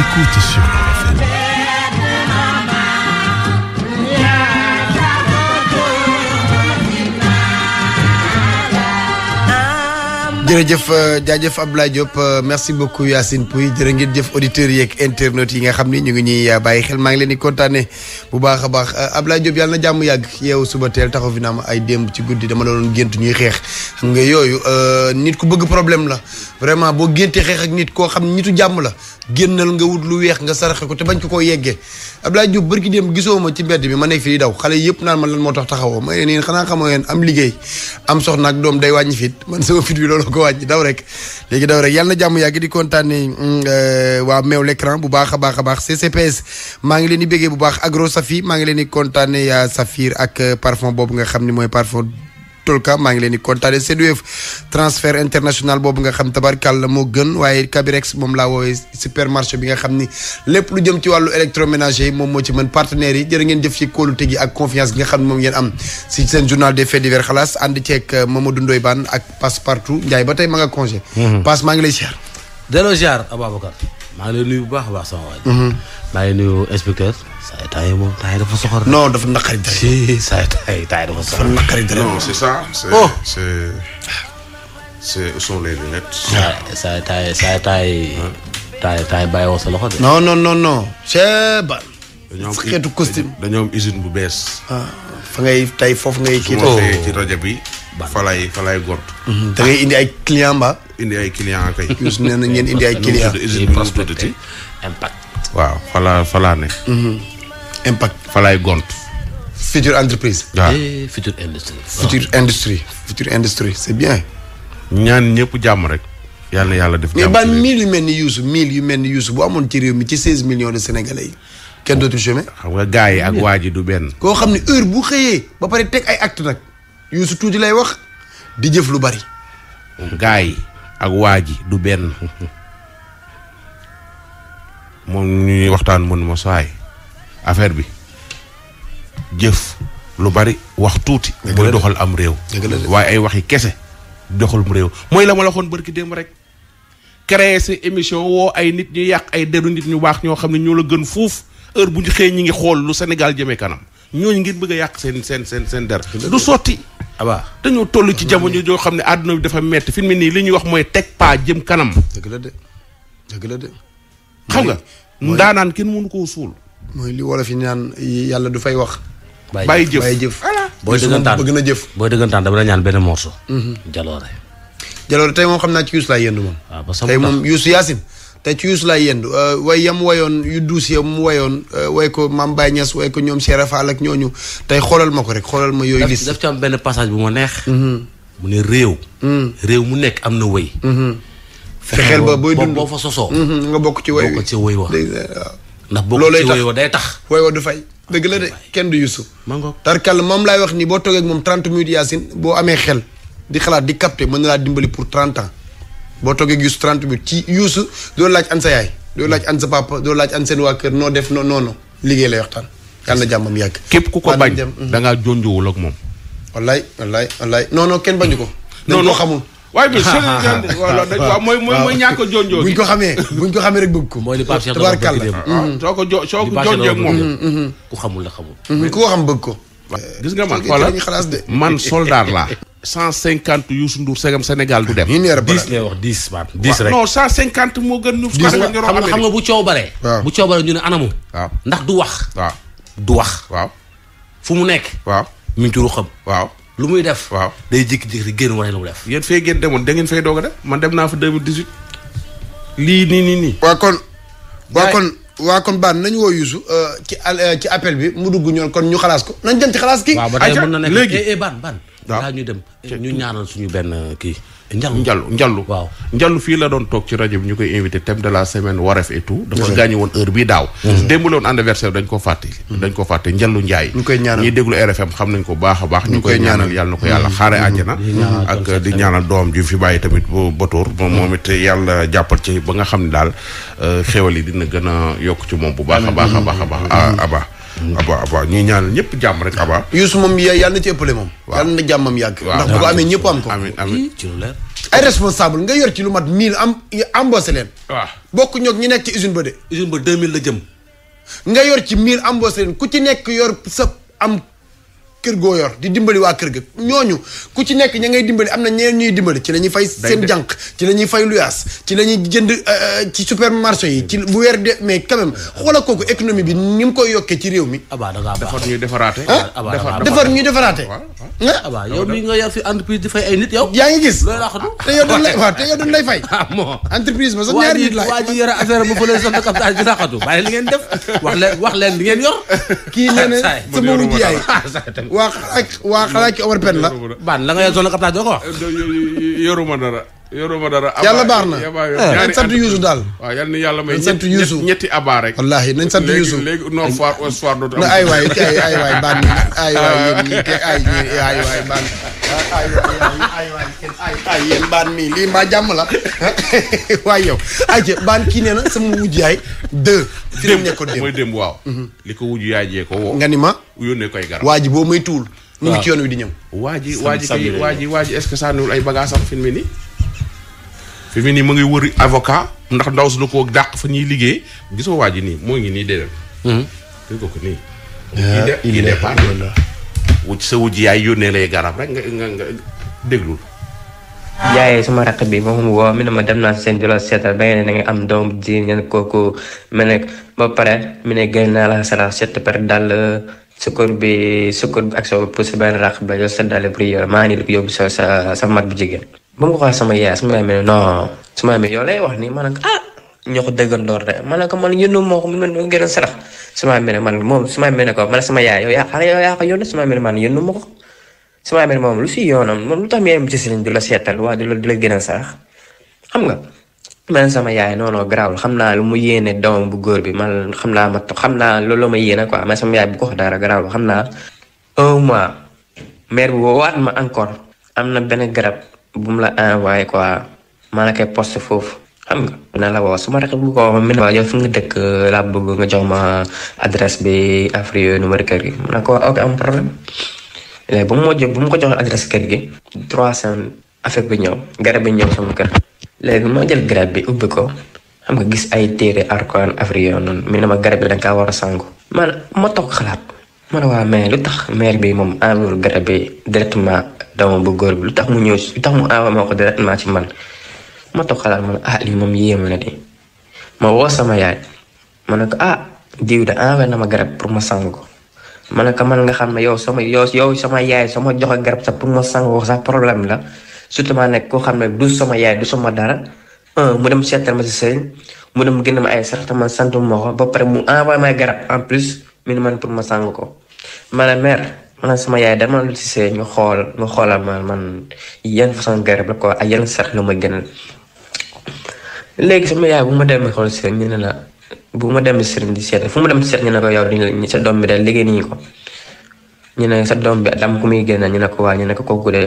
écoute sur jërëjëf euh, jaajëf Abdoulaye Diop euh, merci beaucoup Yacine Pouy jërë ngeen jëf auditeurs yeeg internet yi nga xam ni ñu ngi ñuy euh, bàyyi xel maa ngi leen di kontaane bu baax a baax Abdoulaye Diop yàlla na yàgg yeewu suba teel taxaw fi na am ay démb ci guddi dama la doon ñuy xeex nga yooyu nit ku bëgg problème la vraiment boo géntee xeex ak nit koo xam ne nitu jàmm la génnal nga wut lu weex nga saraxe ko te bañ ko koo yeggee Abdoulaye Diop bërki démb gisoo ma ci mbedd bi ma nekk fii daw xale yëpp naan ma lan moo tax taxawoo ma leen xanaa xamoo ngeen am liggéey am soxna ak doom day wàññi fit man sama fit bi loolu ko ko wàññi daw rek léegi daw rek yàlla na jàmm yàgg di kontaane mm, euh, waa meew l'écran bu baax a baax a baax CCPS maa ngi leen di béggee bu baax agro safi maa ngi leen di kontaane yaa safir ak euh, parfum boobu nga xam ni mooy parfum tolka maa ngi leen di kontaane CEDUEF transfert international boobu nga xam tabarkàlla moo gën waaye Kabirex moom laa woowee supermarché bi nga xam ni lépp lu jëm ci wàllu électroménager yi moom moo ci mën partenaires yi jërë ngeen jëf ci kóolute gi ak confiance gi nga xam ne moom ngeen am si seen journal des faits divers xalaas ànd ceeg euh, Mamadou Ndoye Bane ak passe partout Ndiaye ba tey ma nga congé mhm. passe maa ngi lay siyaar delloo maa ngi lay bu baax a baax sama waaj. Mhm. maa ngi nuyu inspecteur. saa yu taay moom taay dafa soxor. non dafa naqari dara. si saa yu taay taay dafa soxor. dafa naqari dara. non c'est ça. c'est oh. taay taay taay taay bàyyiwoo loxo de. non non non non. c'est ba. dañoo bu bees. Ah, fa ngay tay foofu ngay. kii rajo bi. fa lay fa lay gort. Mhm. da ngay indi ay client ba. indi ay client kay. juste nee na ngeen indi ay client waaw fa laa ne. Mhm. impact. fa lay gont. future entreprise. waaw eh, future industrie. future industrie future industrie c'est bien. ñaan ñëpp jàmm rek. yàlla na yàlla def jàmm mais ban mille yu mel ni Youssou mille yu mel ni Youssou bu amoon ci réew mi ci seize millions de sénégalais yi. kenn dootul chômer. xam nga gars yi ak waa ji du benn. koo xam ne heure bu xëyee ba pare teg ay acte nag. Youssou tuuti lay wax di jëf lu bari. gaay yi ak waa ji du benn. moom ñuy waxtaan mën ma saay affaire bi jëf lu bari wax tuuti. mooy doxal am réew. waaye ay waxi kese doxalum réew mooy la ma la waxoon barki démb rek. créer sa émission woo ay nit ñu yàq ay deru nit ñu baax ñoo xam ne ñoo la gën fuuf heure bu ñu xëyee ñi ngi xool lu senegal jëmee kanam. ñooñu ngir bëgg a yàq seen seen seen seen der du sotti aba ah dañoo toll ci ah, jamono joo xam ne àdduna bi dafa metti fi mu ne nii li ñuy wax mooy teg paa jëm kanam dëgg la xam nga ndaanaan kenn mënu koo suul mooy li wolof yi ñaan yàlla du fay wax bàyyi jëf bàyyi jëf booy dëggantaan bëgg na jëf booy dëggantaan dama la ñaan benn morceau mhm. jaloore jaloore tey moom xam naa ci Youssou laay yendu moom ah, tey moom Youssou Yacine te ci yuus laay yendu euh, way yam wayoon yu duus ya mu wayoon euh, way ko Mame Baye Niass way ko ñoom Cheikh Fall ak ñooñu tey xoolal ma ko rek xoolal ma yooyu liste daf ci am benn passage bu ma neex mhm. mu ne réew mhm. réew mu nekk am na way mhm. fexeel ba booy dund boo fa sosoo nga bokk ci way wi bokk ci way wa ndax bokk ci way wa day tax way wa dëgg la de kenn du Youssou mango tarkal moom laay wax nii boo toogee moom trente minutes Yacine boo amee xel di xalaat di capter mën na laa dimbali pour trente ans boo toogee ak Youssou 30 ci Youssou doo laaj an sa yaay doo laaj an sa papa doo laaj an seen waa kër noo def non non liggéey la waxtaan. yàlla na yàgg. képp ku ko bañ da ngaa jonjowul ak moom. wallaay wallaay wallaay non non kenn bañu ko. non non dañ ko xamul. waaye bi waaw mooy mooy mooy ko xamee buñ ko xamee rek bëgg ko. mooy li Pape Cheikh ah, mm-hmm. soo ko jo soo ko jonjoo moom. Mm-hmm. ku xamul la xamul. Mm-hmm. ko xam bëgg ko. gis nga man xalaas de man soldaar laa. cent cinquante Youssou Ndour segam Sénégal du dem. ñu ne dix ngay wax dix maanaam dix rek. non cent moo gën. dix xam nga xam nga bu coow bare. bu coow bare ñu ne anamu. ndax du wax. waaw du wax. waaw fu mu nekk. waaw mi ngi waaw lu muy def. waaw day jékki-jékki génn wane lu mu def. yéen fee génn demoon da ngeen fay doog a def dem naa fa deux mille dix huit. lii nii nii nii. kon. waaw kon. waa kon baan nañu woo Youssou euh, ci euh, ci appel bi mu dugg ñoo kon ñu xalaas ko nañ dem ci xalaas kii. ayca léegi waaw ba tey mën na nekk eh eh baan daa ñu dem ñu ñaanal suñu benn kii njallu njallu njallu waaw fii la doon toog ci rajo bi ñu koy invité thème de la semaine wareef et tout dafa gaañu woon heure bii daaw mhm. démb la woon anniversaire dañ ko fàtte mhm. dañ ko fàtte njallu njaay ñu koy ñaanal ñi déglu RFM xam nañ ko baax a baax ñu koy ñaanal yàlla na ko yàlla mhm. xaare àjjana ak di ñaanal doom ju fi bàyyi tamit bu batoor moom it yàlla jàppal ci ba nga xam ne daal euh, xéwal yi dina gën a yokk ci moom bu baax a baax a baax a baax ah, aba aba ñuy ñaanal ñëpp jàmm rek aba Youssou moom yàlla na ci ëppale moom yàlla na jàmmam yàgg ndax bu amee ñëpp am ko amiin ay responsable nga yor ci lu mat mille am embauché leen bokk ñook ñi nekk ci usine ba de usine ba deux la jëm nga yor ci mille embauché leen ku ci nekk yor sa am kër goo yor di dimbali waa kër ga ñooñu ku ci nekk ña dimbali am na ñeneen ñuy dimbali ci la fay seen jànq ci la fay luyaas ci la jënd euh, euh, ci supermarché yi bu weer de mais quand même kooku économie bi ni koy yokkee ci réew mi di fay ay nit yow yaa ngi gis ah, te yow lay fay ah, entreprise ma sax ñaari nit la waa ji yor wax leen li ngeen yor kii nee na wujj yaay ah, waa waa xalaat ci Omar Pène la. baan la nga yor zone ak Ablaye doo ko wax. yoruma dara. yàlla baax na eh. nañ sant Youssou daal. waaw yal na yàlla may ñetti abaa rek. wallaahi nañ sant Youssou léegi léegi non ay waay ay ay waay lii mbaa jàmm la waay yow. ayca baan kii nee na sama wujj yaay deux. fi mu nekkoon mooy démb waaw. Mhm. li ko wujj yaay jee ko woo nga ni ma. yónnee koy garab boo may tuul mu ngi ci yoon wi di ñëw waa ji waa ji kay waa ji waa ji est-ce ay bagaa am fi mu nii mu ngi wëri avocat ndax ndaw su ko dàq fa ñuy liggéey gisoo waaj ji nii moo ngi nii déedéet dégg hmm. ko nii i départ wuj sa yaay yónnee lay garab rek nga nga nga déglul bi moom woo mi ne ma dem naa seen jolo seetal ba ngeen doom ji kooku ma ne ba pare mu ne gën naa la sarax set par dal sukkur bi sukkur bi ak soo pousse benn raq ba yow sa bi maa ngi nii yóbbu sa sa sa mat bu jigéen. ba mu ko sama yaay su ma amee non su ma amee yow lay wax nii ma ne ko ah ñoo ko dëggandoor de ma ne ko man yónnu moo ko man ma gën a ma amee man moom su ma amee ko man sama yaay yow yaa xale yow yaa ko yónnu su ma amee ne man yónnu ma ko su moom lu si yoonam moom lu tax mu yem ci sëriñ du la seetal waa di la di la gën a sarax xam nga. man sama yaay non non garaawul xam naa lu mu yéene doom bu góor bi man xam naa ma xam naa loolu ma yéene quoi man sama yaay bu ko wax dara garaawul xam naa un mois mère bi woowaat ma na benn garab bu mu la envoyé quoi maa la koy poste foofu xam nga na la woo su ma rek bu ko mi ne waa yow fi nga dëkk laa bëgg nga jox ma adresse bi affaire yooyu kër gi ma ne jox adresse kër gi trois cent affaire bi ñëw garab bi ñëw sama kër léegi moo jël garab bi ubbi ko xam nga gis ay téere arkaan afriyo noonu mi na ma garab bi da nga war a sangu man ma toog xalaat ma ne waa lu tax maire bi moom envoyé garab bi directement doomu bu góor bi lu tax mu ñëw lu tax mu envoyé ma ko ci man ma toog xalaat ma ah, lii moom yéeme na de ma woo sama yaay ma na ko ah diw de envoyé na ma garab pour ma sangu ko ma ne ko man nga xam ne yow sama yow sama yaay sama joxe garab sax pour ma sangu ko sax problème la. surtout maa nekk koo xam ne du sama yaay du sama dara mu dem seetal ma si sëriñ mu dem gën ma ay sarax te man sant ma ko ba pare mu envoyé may garab en plus mu ne ma sàng ko ma ne mère man sama yaay dama lu si sëriñ nga xool nga ma man yan façon garab la quoi ak yan sarax la ma gënal léegi sama yaay bu ma demee xool sëriñ ñu ne la bu ma demee sëriñ di seetal fu ma dem sëriñ ñu ne ko yow dañu sa doom bi de liggéey nii ko ñu ne sa doom bi dam ku muy génn ñu ne ko waa ñu ne ko kooku de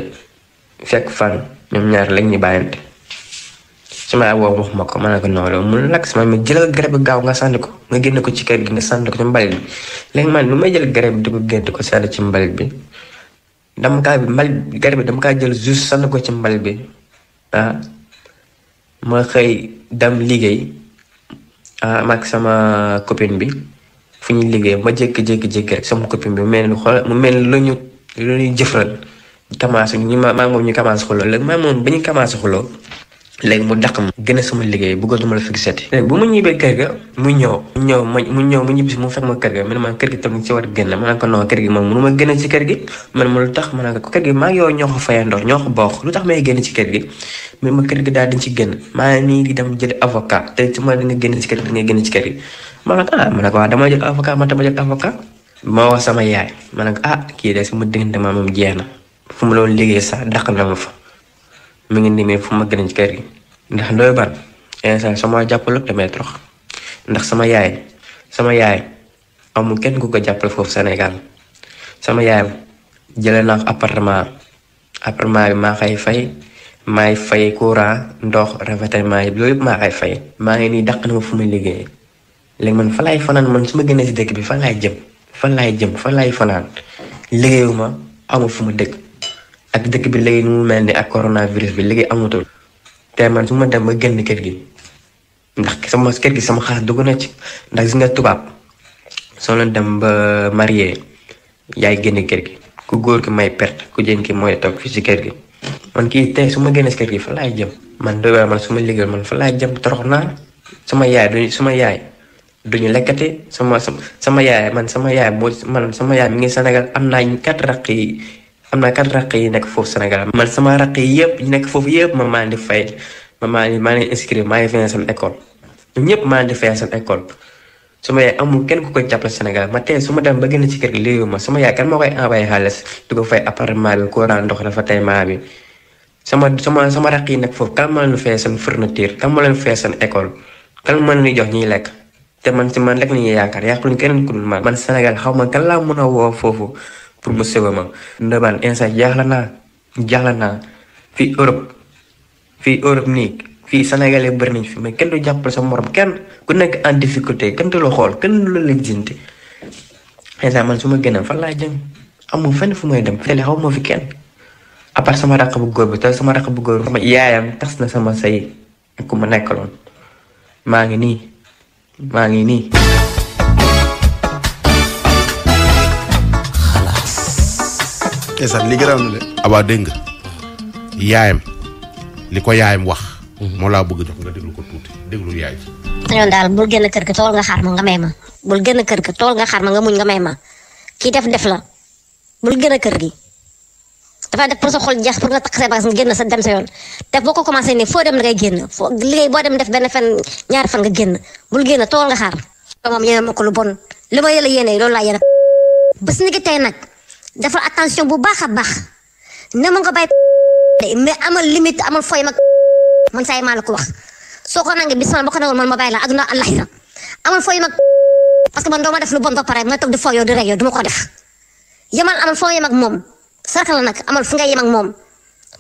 fekk fan ñoom ñaar lañ ñu bàyyante su ma wax ma ko ma ne ko non loolu mun lakk si man ma jëlal garab gaaw nga sànni ko nga génne ko ci kër gi nga sànni ko ci mbalit bi man lu may jël garab di ko génne ko sànni ci mbalit bi dama kaa mbalit bi dama kaa jël juste sànni ko ci mbalit bi ah. ma xëy dem liggéey ah ak sama copine bi fu ñuy liggéey ma jékki-jékki-jékki rek sama copine bi mu mel ni xool mu mel ni lu ñu lu ñu jëfral commencé ñu ma maa moom ñu ba ñu commencé xuloo léegi mu dàq ma gën a sama liggéey bëggatuma la fekk seeti léegi bu ma ñibbee kër ga mu ñëw mu ñëw ma mu mu ma kër ga man man kër gi tam ci war génn ma ne daal di ci maa ngi nii di dem jël avocat te ci ma da nga génn ci kër gi yaay ma ne ah, kii de sama diggante maa moom jeex na fu loolu doon liggéey sax daq na ma fa ngi nii mais fu ma gën ci gi. ndax doy ban sama jàppale damay trox ndax sama yaay sama yaay amul kenn ku ko jàppale foofu senegal sama yaay jëlee naa appartement appartement bi maa koy fay maay fay courant ndox rafetlement yi loolu maa fay. maa ngi nii daq na ma fu muy liggéey léegi man fa laay fanaan man su ma génnee si dëkk bi fan laay jëm fan laay jëm fan laay fanaan liggéeyuma amul fu ma dëkk. ak dëkk bi léegi nu mu mel ni ak coronavirus bi léegi amatul te man su ma dem ba génn kër gi ndax sama gi sama xaalis dugg na ci ndax gis nga tubaab soo leen dem ba marié yaay génn kër gi ku góor ki may perte ku jën ki mooy toog fii si kër gi man su ma génnee si gi fa jëm man doy waar su ma liggéeyal man fa laay jëm torox naa sama yaay sama yaay duñu lekkati sama sama yaay man sama yaay moo sama yaay mi ngi Sénégal am naa quatre raq yi am naa kan raq yi foofu Sénégal man sama raq yi foofu yëpp man man maa ma yaay amul kenn ku koy jàppale Sénégal ma tey ma dem ba génn ci kër gi ko fay appartement bi courant ndox dafa tey maa bi sama sama sama raq yi nekk foofu kan moo leen fayal jox ñuy lekk te man ci man la ñuy yaakaar yàquluñ keneen ku dul man man Sénégal xaw ma kan laa mën a woo foofu pour mu sewe ma ndaban instant jaaxle naa jaaxle naa fi Europe fii Europe nii fii Sénégalais bëri nañ fi mais kenn du jàppale sa morom kenn ku nekk en difficulté kenn du la xool kenn du la lijjanti instant man su ma génnoon fan laa jëm amul fenn fu may dem fële xaw ma fi kenn apart part sama rakk bu góor bi te sama raq bu góor bi sama yaayam tas na sama say ak ku ma nekkaloon maa ngi nii maa ngi nii. ndeysaan li garaaw na de. abaa dégg yaayam li ko yaayam wax. Mhm. moo laa bëgg jox nga déglu ko tuuti déglu yaay ji. ñoon daal bul génn kër ga tool nga xaar ma nga may ma bul génn kër ga tool nga xaar ma nga muñ nga may ma kii def def la bul génn kër gi. dafa def pour sa xol jeex pour nga takk sa bagaas nga génn sa dem sa yoon te boo ko commencé ne foo dem da ngay génn liggéey boo dem def benn fan ñaari fan nga génn bul génn tool nga xaar. moom yéen a ma ko lu bon li loolu laa yéene. bés ni ki tey nag. dafa attention bu baax a baax na ma nga bàyyi mais amal limite amal fooy mag man saay maa la ko wax soo ko nangee bisimilah boo ko nangoon man ma bàyyi la aduna àllaxira amal fooy mag parce que man doo ma def lu bon ba pare ma togg di fooyoo di rey yow du ma ko def yamal amal foo yem ak moom sarkal nag amal fu nga yem ak moom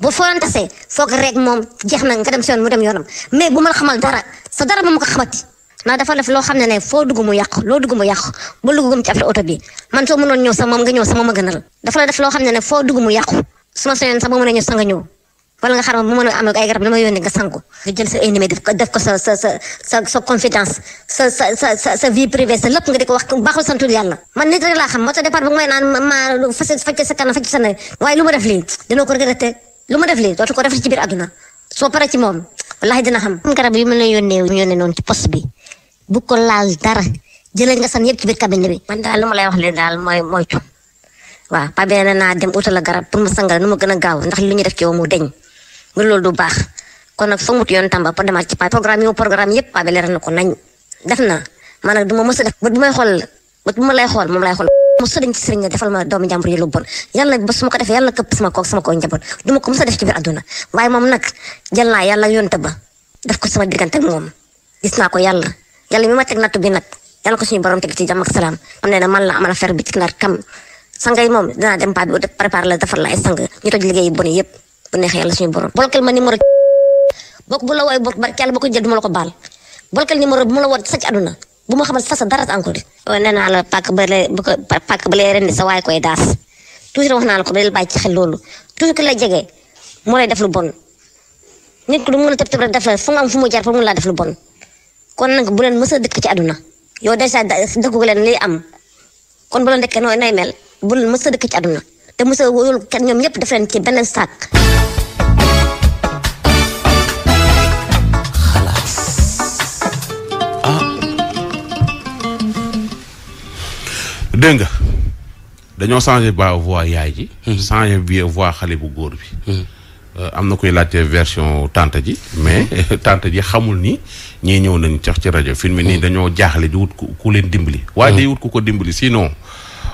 bu foonante see foog rek moom jeex na nga dem si mu dem yoonam mais bu ma la xamal dara sa dara moom mu ko xamati. ndax dafa def loo xam ne ne foo dugg mu yàq loo dugg mu yàq ba luggum ci affaire oto bi man soo mënoon ñëw sax moom nga ñëw sax moom a gënal dafa la def loo xam ne ne foo dugg mu yàqu su ma sañoon sax boo mën a ñëw sax nga ñëw wala nga xaar ma bu mën a amee ay garab dama yónnee nga sangu nga jël sa ennemi def ko def ko sa sa sa sa sa confidence sa sa sa sa sa vie privée sa lépp nga di ko wax baaxul santul yàlla man nit rek laa xam moo tax départ bu may naan ma fas facc sa kanam facc sa na waaye lu ma def lii dina ko regretté lu ma def lii dootu ko def ci biir àdduna soo paree ci moom wallahi dina xam garab yi ma lay yónnee yónnee noonu ci poste bi bu ko laal dara jëlee nga san yëpp ci biir cabinet bi. man daal lu ma lay wax leen daal mooy moytu waaw Pape nee naa dem utal la garab pour mu sangal nu mu gën a gaaw ndax li ñu def ci yow mu deñ ngir loolu du baax ko nag foog mu tuyoon Tamba pour demaat ci programme yi programme yëpp Pape leeral na ko nañ def na man ma mës a def bët may xool bët ma lay xool moom lay xool. musa dañ ci sëriñ ma doomu jàmbur yi lu bon yàlla su ma ko defee yàlla këpp sama koog sama koog njaboot du ma ko musa moom nag jël naa yàlla yonte ba def ko sama diggante ak moom gis naa ko yàlla yàlla mi ma teg nattu bi nag yàlla ko suñu borom teg ci jàmm salaam am ne na man la amal affaire bi ci naar kam sangay moom dinaa dem paa bi ut la defar la ay sang ñu toj liggéey bu ne yëpp bu neexee bu la woy bokk barke yàlla boo ko jël du ma ko baal bolkel numéro bu ma sa ci bu ma sa sa dara encore. nee naa la ba lay bu ko pàkk ba lay sa waay koy daas toujours wax naa la ko ba léegi bàyyi ci xel loolu toujours ki la jege moo lay def lu bon nit ku du mën a tëb tëb rek def la fu fu mu jaar pour mun laa def lu bon. kon nag bu leen mës a dëkk ci àdduna yow dèjà dëkku leen liy am kon bu leen dëkkee nooy nay mel bu leen mës dëkk ci àdduna te mës a wóorul kenn ñoom ñëpp def leen ci benn saak. xalaas ah. nga dañoo changé ba voix yaay ji. Hmm. changé bi voix xale bu góor bi. Hmm. Euh, am na koy laajte version tante ji mais tante ji xamul nii ñii ñëw nañ sax ci rajo film nii mm. dañoo jaaxle di wut ku leen dimbali waaye mm. day wut ku ko dimbali sinon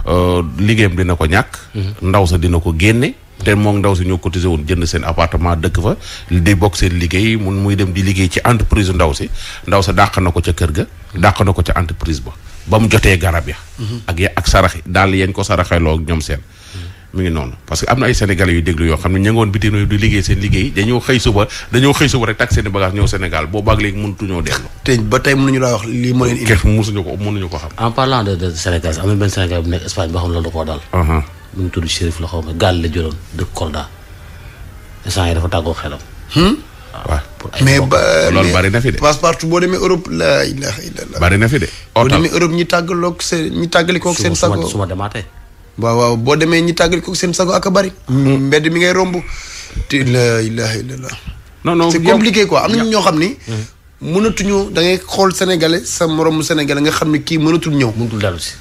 euh, liggéeyam dina ko ñàkk mm. ndaw sa dina ko génne te moom ndaw si ñoo cotisé woon jënd seen appartement dëkk fa di bokk seen liggéey mun muy dem di liggéey ci entreprise ndaw si ndaw sa dàq na ko ca kër ga dàq na ko ca entreprise ba ba mu jotee garab ya mm-hmm. ak ya ak saraxi daal yeen ko saraxeloo ak ñoom seen mi ngi noonu parce que am na ay sénégalais yu déglu yoo xam ne ña ngoon bitim réew di liggéey seen liggéey dañoo xëy suba dañoo xëy suba rek takk seen i ñëw Sénégal na benn boo xam ne mu ngi tudd Chérif la xaw hmm? mais ba loolu bari na fi de. passe-partout boo demee Europe la ilaha illallah. bari na fi de. boo demee Europe ñi tàggaloo seen ñi tàggalikoo seen. sago demaatee. waaw boo demee ñi tàggal ko seen sago ak a bari. Mm-hmm. Mm-hmm. mbedd mi ngay romb. te la ilaha illallah. non non c'est compliqué am na ñoo xam ni. Mm-hmm. mënatuñu da ngay xool sénégalais sa moromu sénégalais nga xam ne kii mënatul ñëw. mënatul dellu si.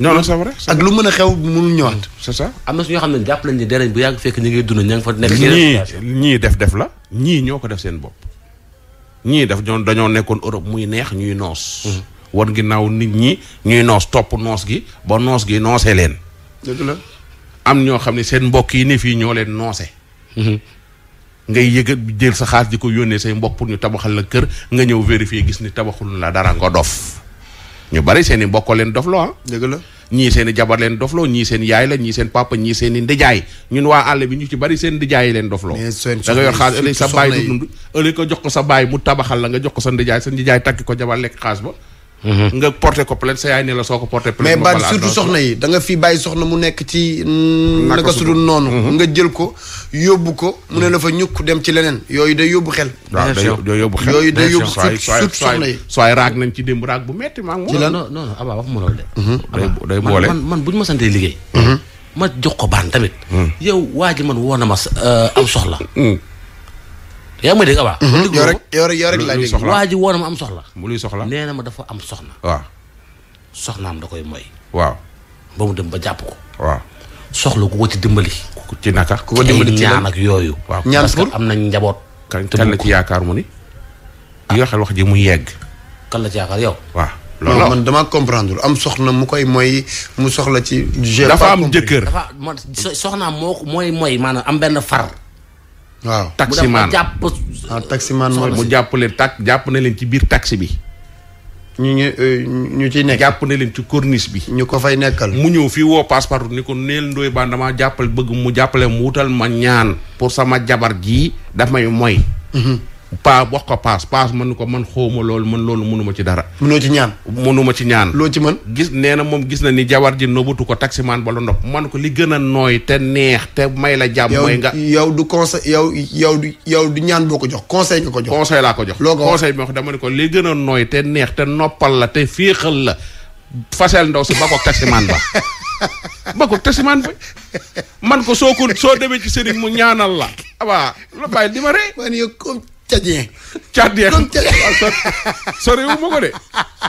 non non c'est vrai lu mën a xew mënul ñëwaat. c'est ça am na su ñoo xam ne jàpp nañ ne derañ bu yàgg fekk ñu ngi dund ña nga fa nekk. ñii ñii def def la. ñii ñoo ko def seen bopp. ñii def ñoom dañoo nekkoon Europe muy neex ñuy noos. war ginnaaw nit ñi ñuy noos topp noos gi ba noos gi noosee leen dëgg la am ñoo xam ne seen mbokk yi ne fii ñoo leen noose. Mhm. ngay yëgat jël sa xaalis ji ko yónnee say mbokk pour ñu tabaxal la kër nga ñëw vérifier gis ni tabaxul la dara nga dof. ñu bari seen i mbokk leen dof loo ah. la ñii seen i jabar leen dofloo ñii seen yaay la ñii seen papa ñii seen i ndijaay ñun waa àll bi ñu ci bari seen ndijaay leen dofloo. da nga yor xaalis ëllëg sa baay du ëllëg ko jox ko sa baay mu tabaxal la nga jox ko sa ndijaay sa ndijaay takki ko jabar lekk xaalis ba Mm-hmm. nga porté ko plainte la soo ko porté plainte mais ban surtout soxna yi da nga fii bàyyi soxna mu nekk ci mm, naka sudul noonu mm-hmm. nga jël ko yóbbu ko mu ne mm-hmm. la fa ñukk dem ci leneen yooyu day yóbbu xel waaw day yóbbu xel yooyu day yóbbu surtout soxna yi sooy raag nañ ci démb raag bu metti maa ngi ci la non non abaa wax mu man man bu ñu ma santee liggéey ma jox ko baan tamit yow waa ji man woo na ma euh, am soxla yaa ngi mhm. ma dégg abaa. yow rek yow rek yow laa dégg waa ji woon na ma am soxla. mu luy soxla nee na ma dafa am soxna. waaw soxnaam da koy mooy. waaw mu dem ba jàpp ko. waaw soxla ko ci dimbali. ku ci naka ku ko dimbali ci waaw ñaan parce am nañ njaboot. kan kan yaakaar mu ni. yoo mu yegg. kan la ci yaakaar yow. waaw loolu man damaa comprendre am soxna mu koy mooy mu soxla ci. dafa am jëkkër dafa man soxnaam moo mooy mooy maanaam am benn far. waaw taximaan jàpp ah, taximaan mooy mu jàpp leen tak jàpp na leen ci biir taxi bi ñu ñu euh, ñu ciy nekk jàpp na leen ci corniche bi ñu ko fay nekkal mu ñëw fii woo passeport ni ko neel ndooy baan damaa jàppale bëgg mu jàppale mu wutal ma ñaan pour sama jabar jii daf may moy mhm. paa wax ko paas paas mën ko man xawma loolu man loolu mënuma ci gis nee na moom gis na ni jawar ji nobutu ko taximaan ba la ndox man ko li gën a nooy te neex te may la jàmm mooy nga yow du conseil yow yow du yow du ñaan boo ko jox conseil ko jox conseil laa ko jox loo ko conseil bi ma ko dama ne ko li gën a nooy te neex te noppal la te ndaw si ba ko taximaan ba ba ko tasimaan ba man ko soo ko soo demee ci sëriñ mu ñaanal la abaa di ma ree man yow comme cadien. cadien doon ah, cadien. soriwu ma ko de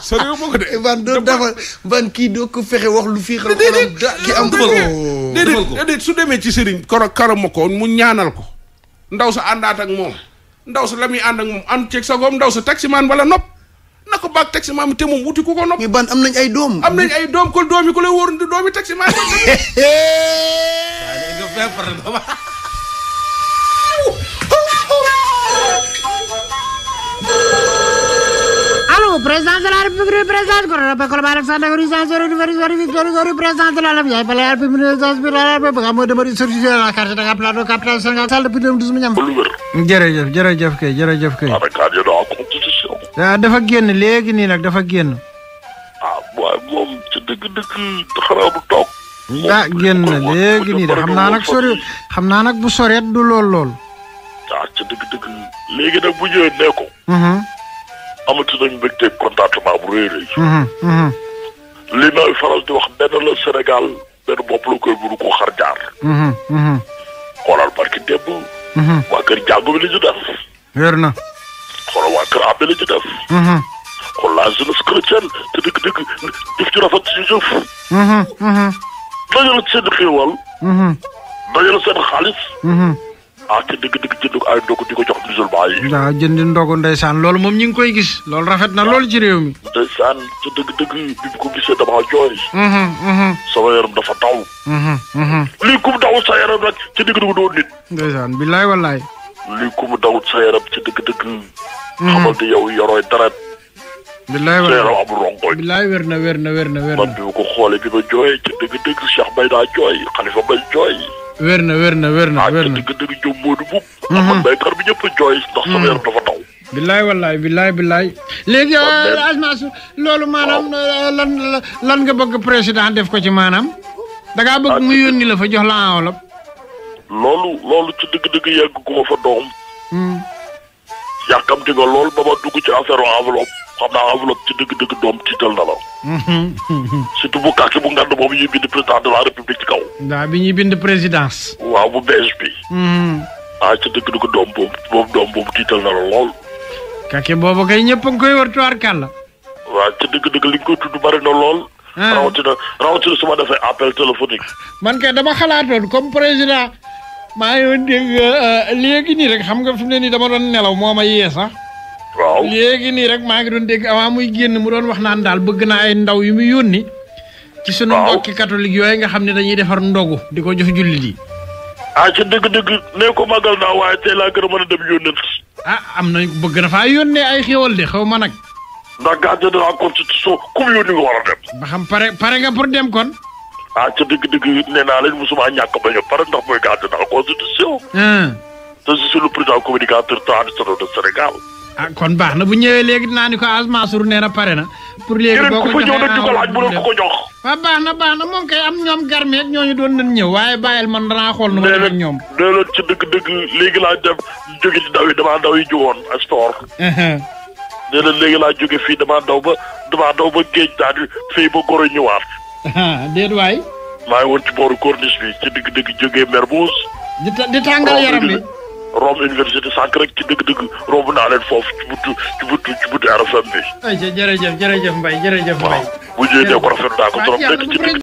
soriwu ma ko de. man doo dafa man kii doo ko fexe wax lu fi. xam ki am ko déedéet su demee ci sëriñ. koro koro ma ko mu ñaanal ko. ndaw sa àndaat ak moom. ndaw sa la muy ànd ak moom ànd ceeg sa góom ndaw sa taximaan wala nopp. na ko baag taximaan bi te moom wuti ku ko nopp. mais ban am nañ ay doom. am nañ ay doom kon doom yi ku lay wóor doomi taximaan. président de la république président jërëjëf jërëjëf kay jërëjëf kay. ah dafa génn léegi nii nag dafa génn. ah waaye moom ci dëgg-dëgg xanaa du toog. ah génn na léegi nii de xam naa nag sori xam naa nag bu soreet du lool lool. ah ci dëgg-dëgg léegi nag bu ñëwee ne ko. amati nañ mbégte contentement bu rëy rëy. Mhm, mhm. li may faral di wax a la Sénégal benn bopp la koy mënu ko xar jaar. Mhm, xoolal barki démb. waa kër jàngu bi li ñu def. wér na. xoolal waa kër abbé li ñu def. xool la jeunesse chrétienne te dëgg dëgg def ci rafet ci jëf. dajale seen xéewal. dajale seen xaalis. ah te dëgg-dëgg jënd ko ay ndogu di ko jox musulman yi. waaw jënd ndogu ndeysaan loolu moom ñi ngi koy gis loolu rafet na loolu ci réew mi. ndeysaan te dëgg-dëgg bi mu ko a damaa jooy. Mhm, mhm. sama yaram a taw. Mhm, lii ku mu daw sa yaram rek ci dëgg-dëgg doon nit. ndeysaan billaay wallaay. lii ku mu daw sa yaram ci dëgg xamal ne yow yorooy dara. bilaay wér am rongoñ bilaay wér na wér na wér na wér na man bi ma ko xoolee bi ma jooyee ci dëgg-dëgg Cheikh Mbaye daa jooy Khalifa Mbaye jooy wér na wér na wér na ah, wér na dëgg dëgg jom moodu bub man mhm. béykat bi ñëpp a jooy ndax sama yaram dafa taw bilaay wallaay bilaay bilaay léegi agence euh, loolu maanaam euh, lan lan nga bëgg président def ko ci maanaam da ngaa bëgg mu ah, yónni la fa jox la enveloppe loolu loolu ci dëgg-dëgg yegg gu ma fa doom hmm. yàkkamti nga loolu ba ma dugg ci affaire enveloppe xam naa enveloppe ci dëgg-dëgg doom tiital na la. surtout bu kàkki bu ngand moom ñuy bind président de la république kaw. waaw bi ñuy bind présidence. waaw bu bees bi. Mm-hmm. ah ci dëgg-dëgg doom boobu boobu doom boobu tiital na lool. kàkki boobu kay ñëpp a ngi koy war tuwaar kàlla. waaw ci dëgg-dëgg li ñu koy tudd bari na lool. Ah. rawatina rawatina su ma defee appel téléphonique. man kay dama xalaatoon comme président maa ngi woon dégg euh, léegi nii rek xam nga fi mu ne nii dama doon nelaw moo ma waaw léegi nii rek maa ngi doon dégg avant muy génn mu doon wax naan daal bëgg naa ay ndaw yu muy yónni. ci sunu mbokki catholique yooyu nga xam ne dañuy defar ndogu di ko jox jullit yi. ah ci dëgg-dëgg nee ko màggal naa waaye tey laa gën a mën a dem yónneel. ah am nañ bëgg na faa yónnee ay xéwal de xaw ma nag. ndax gardien de la constitution ku mu yónni nga a dem. ba xam pare pare nga pour dem kon. ah ca dëgg-dëgg nee naa leen musuma ñàkk bañ a pare ndax mooy gardien de la constitution. Ah. te je suis le président communicateur traditionnel de ah kon baax na bu ñëwee léegi dinaa ni ko asmaasur nee na pare na. pour léegi boo ko joxee ah bu doon ko jox. waaw ah, baax na baax na moom kay am ñoom garme ak doon nañ ñëw waaye bàyyil man danaa xool nu ma def ñoom. déedéet ci dëgg-dëgg léegi laa dem jóge ci daw yi damaa daw yi juwoon astoor. déedéet léegi laa jóge fii damaa daw ba damaa daw ba géej daal di fay ba goro ñëwaat. déet waay. maa ngi woon ci booru corniche bi ci dëgg-dëgg jógee Mermoz. di tàngal yaram bi romb université sànq rek ci dëgg-dëgg romb foofu ci buntu ci buntu ci buntu RFM bi. jërëjëf jërëjëf Mbaye jërëjëf Mbaye. bu ñëwee ne ko rafet naa ko trop nekk